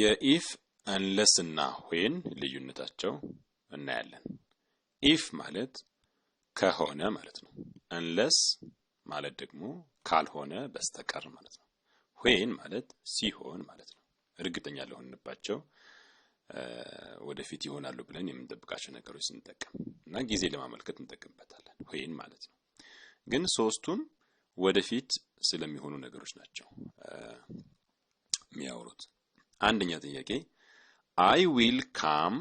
የኢፍ አንለስ እና ዌን ልዩነታቸው እናያለን። ኢፍ ማለት ከሆነ ማለት ነው። አንለስ ማለት ደግሞ ካልሆነ በስተቀር ማለት ነው። ዌን ማለት ሲሆን ማለት ነው። እርግጠኛ ለሆንባቸው ወደፊት ይሆናሉ ብለን የምንጠብቃቸው ነገሮች ስንጠቀም እና ጊዜ ለማመልከት እንጠቀምበታለን። ዌን ማለት ነው። ግን ሶስቱም ወደፊት ስለሚሆኑ ነገሮች ናቸው የሚያወሩት። አንደኛ ጥያቄ አይ ዊል ካም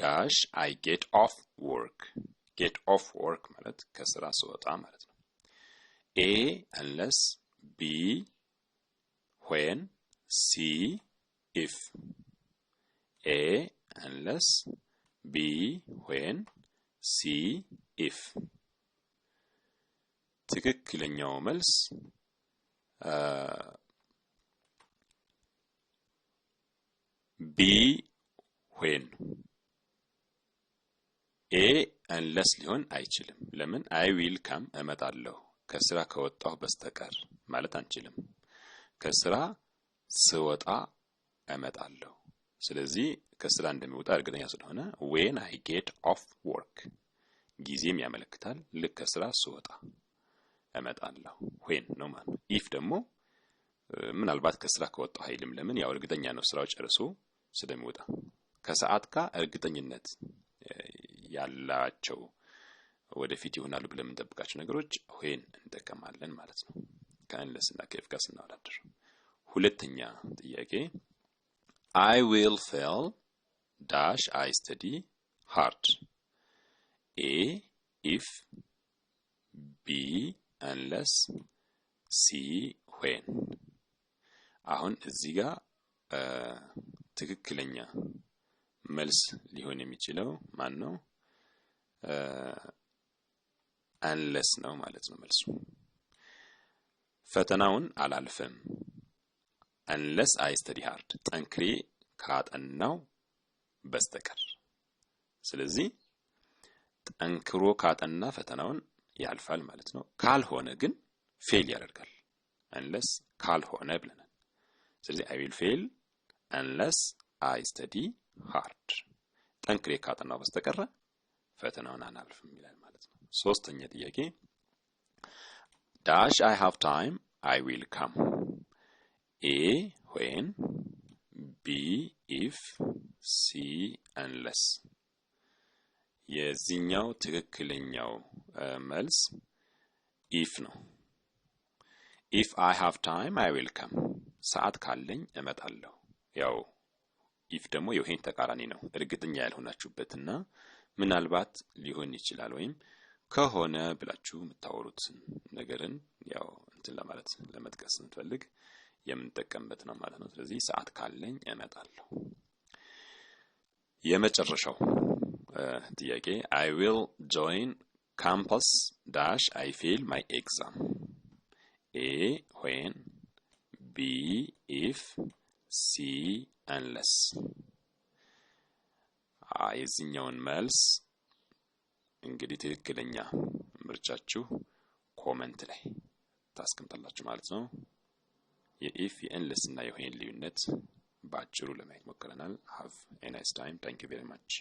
ዳሽ አይ ጌት ኦፍ ወርክ ጌት ኦፍ ወርክ ማለት ከስራ ስወጣ ማለት ነው። ኤ አንለስ ቢ ዌን ሲ ኢፍ ኤ አንለስ ቢ ዌን ሲ ኢፍ ትክክለኛው መልስ ቢ ዌን ኤ እንለስ ሊሆን አይችልም። ለምን አይ ዊል ካም እመጣለሁ ከስራ ከወጣሁ በስተቀር ማለት አንችልም። ከስራ ስወጣ እመጣለሁ። ስለዚህ ከስራ እንደሚወጣ እርግጠኛ ስለሆነ ዌን አይ ጌት ኦፍ ወርክ ጊዜም ያመለክታል። ልክ ከስራ ስወጣ እመጣለሁ። ዌን ነው ማለት ኢፍ ደግሞ ምናልባት ከስራ ከወጣሁ አይልም። ለምን ያው እርግጠኛ ነው ስራው ጨርሶ ስለሚወጣ ከሰዓት ጋር እርግጠኝነት ያላቸው ወደፊት ይሆናሉ ብለን የምንጠብቃቸው ነገሮች ዌን እንጠቀማለን ማለት ነው። ከእንለስና እና ከኤፍ ጋር ስናወዳድር። ሁለተኛ ጥያቄ አይ ዊል ፌል ዳሽ አይ ስተዲ ሃርድ ኤ ኢፍ ቢ እንለስ ሲ ሆን አሁን እዚህ ጋር ትክክለኛ መልስ ሊሆን የሚችለው ማን ነው? አንለስ ነው ማለት ነው መልሱ። ፈተናውን አላልፍም አንለስ አይ ስተዲ ሃርድ ጠንክሬ ካጠናው በስተቀር። ስለዚህ ጠንክሮ ካጠና ፈተናውን ያልፋል ማለት ነው። ካልሆነ ግን ፌል ያደርጋል። አንለስ ካልሆነ ብለናል። ስለዚህ አይ ዊል ፌል አንለስ አይ ስተዲ ሃርድ ጠንክሬ ካጠናው በስተቀረ ፈተናውን አናልፍም ይላል ማለት ነው። ሶስተኛ ጥያቄ ዳሽ አይ ሃቭ ታይም አይ ዊል ካም ኤ ዌን ቢ ኢፍ ሲ አንለስ የዚህኛው ትክክለኛው መልስ ኢፍ ነው። ኢፍ አይ ሃቭ ታይም አይ ዊል ካም ሰዓት ካለኝ እመጣለሁ። ያው ኢፍ ደግሞ የውሄን ተቃራኒ ነው። እርግጠኛ ያልሆናችሁበትና ምናልባት ሊሆን ይችላል ወይም ከሆነ ብላችሁ የምታወሩት ነገርን ያው እንትን ለማለት ለመጥቀስ ስንፈልግ የምንጠቀምበት ነው ማለት ነው። ስለዚህ ሰዓት ካለኝ እመጣለሁ። የመጨረሻው ጥያቄ አይ ዊል ጆይን ካምፓስ ዳሽ አይ ፌል ማይ ኤግዛም ኤ ሆን ቢ ኢፍ see unless የዚህኛውን መልስ እንግዲህ ትክክለኛ ምርጫችሁ ኮመንት ላይ ታስቀምጣላችሁ ማለት ነው። የኢፍ የእንለስ እና የሆሄን ልዩነት በአጭሩ ለማየት ሞክረናል። ሃቭ ኤ ናይስ ታይም። ታንክ ዩ ቬሪ ማች